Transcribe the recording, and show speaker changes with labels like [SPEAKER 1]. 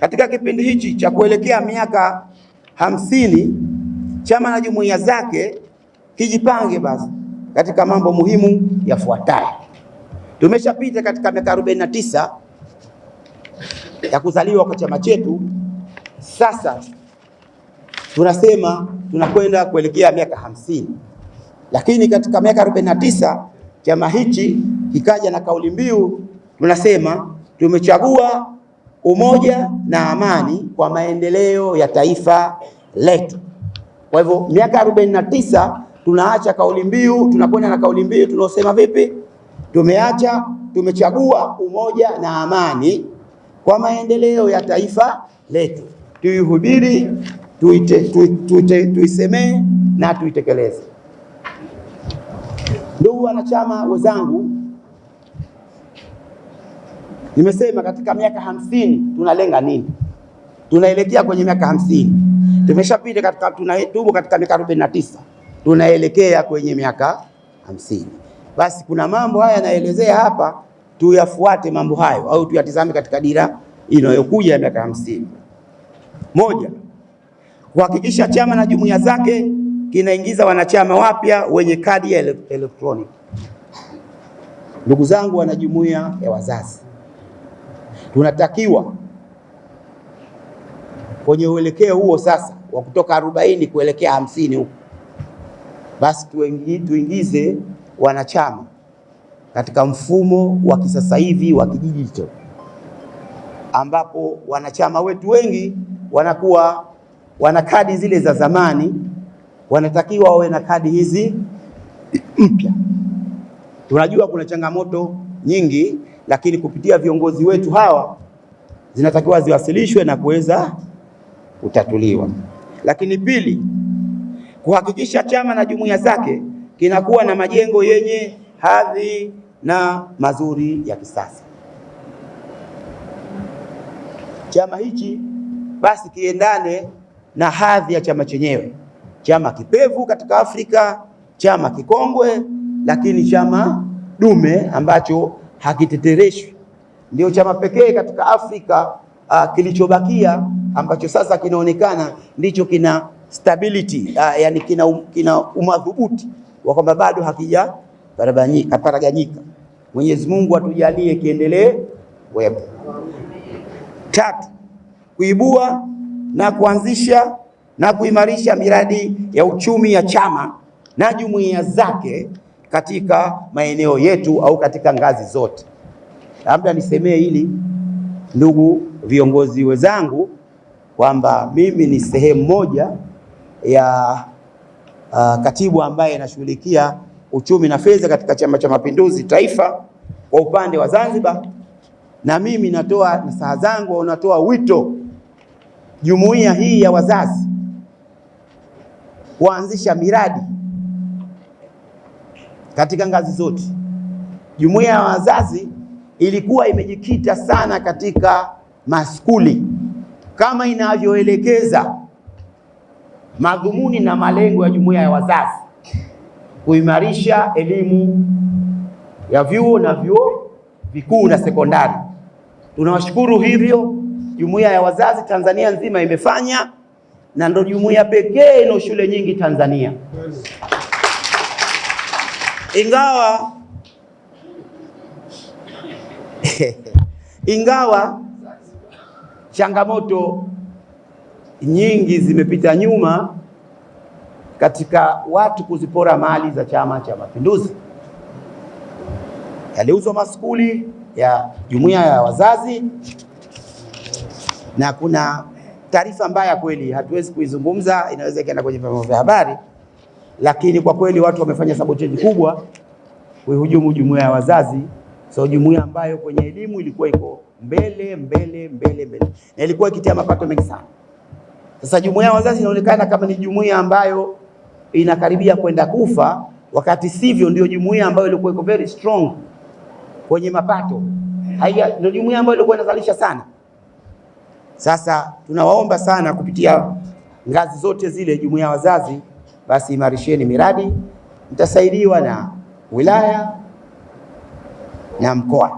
[SPEAKER 1] Katika kipindi hichi cha kuelekea miaka hamsini, chama na jumuiya zake kijipange basi katika mambo muhimu yafuatayo. Tumeshapita katika miaka tisa ya kuzaliwa kwa chama chetu. Sasa tunasema tunakwenda kuelekea miaka hamsini, lakini katika miaka 49 chama hichi kikaja na kauli mbiu, tunasema tumechagua umoja na amani kwa maendeleo ya taifa letu. Kwa hivyo miaka tisa tunaacha kauli mbiu, tunakwenda na kauli mbiu tunaosema vipi? Tumeacha, tumechagua umoja na amani kwa maendeleo ya taifa letu. Tuihubiri, tuisemee na tuitekeleze. Ndugu wanachama wenzangu Nimesema katika miaka hamsini tunalenga nini? Tunaelekea kwenye miaka hamsini, tumeshapita katika, tunatubu katika miaka arobaini na tisa, tunaelekea kwenye miaka hamsini. Basi kuna mambo haya yanaelezea hapa, tuyafuate mambo hayo au tuyatizame katika dira inayokuja ya miaka hamsini. Moja, kuhakikisha chama na jumuiya zake kinaingiza wanachama wapya wenye kadi ya elektroniki. Ndugu zangu, wanajumuiya ya wazazi tunatakiwa kwenye uelekeo huo sasa wa kutoka arobaini kuelekea hamsini huko basi tuingize wanachama katika mfumo wa kisasa hivi wa kijiji ambapo wanachama wetu wengi wanakuwa wana kadi zile za zamani, wanatakiwa wawe na kadi hizi mpya. Tunajua kuna changamoto nyingi lakini kupitia viongozi wetu hawa zinatakiwa ziwasilishwe na kuweza kutatuliwa. Lakini pili, kuhakikisha chama na jumuiya zake kinakuwa na majengo yenye hadhi na mazuri ya kisasa. Chama hichi basi kiendane na hadhi ya chama chenyewe, chama kipevu katika Afrika, chama kikongwe, lakini chama dume ambacho hakitetereshwi. Ndio chama pekee katika Afrika uh, kilichobakia ambacho sasa kinaonekana ndicho kina stability uh, yani kina, um, kina umadhubuti wa kwamba bado hakija paraganyika. Mwenyezi Mungu atujalie kiendelee wepo. Tatu, kuibua na kuanzisha na kuimarisha miradi ya uchumi ya chama na jumuiya zake katika maeneo yetu au katika ngazi zote. Labda nisemee hili, ndugu viongozi wenzangu, kwamba mimi ni sehemu moja ya uh, katibu ambaye anashughulikia uchumi na fedha katika Chama cha Mapinduzi Taifa kwa upande wa Zanzibar, na mimi natoa nasaha zangu au natoa wito jumuiya hii ya wazazi kuanzisha miradi katika ngazi zote. Jumuiya ya wazazi ilikuwa imejikita sana katika maskuli kama inavyoelekeza madhumuni na malengo ya jumuiya ya wazazi: kuimarisha elimu ya vyuo na vyuo vikuu na sekondari. Tunawashukuru hivyo jumuiya ya wazazi Tanzania nzima imefanya, na ndio jumuiya pekee ina shule nyingi Tanzania ingawa ingawa changamoto nyingi zimepita nyuma katika watu kuzipora mali za Chama cha Mapinduzi. Yaliuzwa maskuli ya jumuiya ya wazazi, na kuna taarifa mbaya kweli, hatuwezi kuizungumza, inaweza ikaenda kwenye vyombo vya habari, lakini kwa kweli watu wamefanya sabotage kubwa kuihujumu jumuiya ya wazazi. So jumuiya ambayo kwenye elimu ilikuwa iko mbele mbele mbele mbele na ilikuwa ikitia mapato mengi sana. Sasa jumuiya ya wazazi inaonekana kama ni jumuiya ambayo inakaribia kwenda kufa, wakati sivyo. Ndio jumuiya ambayo ilikuwa iko very strong kwenye mapato, haya ndio jumuiya ambayo ilikuwa inazalisha sana. Sasa tunawaomba sana kupitia ngazi zote zile, jumuiya ya wazazi basi imarisheni miradi, mtasaidiwa na wilaya na mkoa.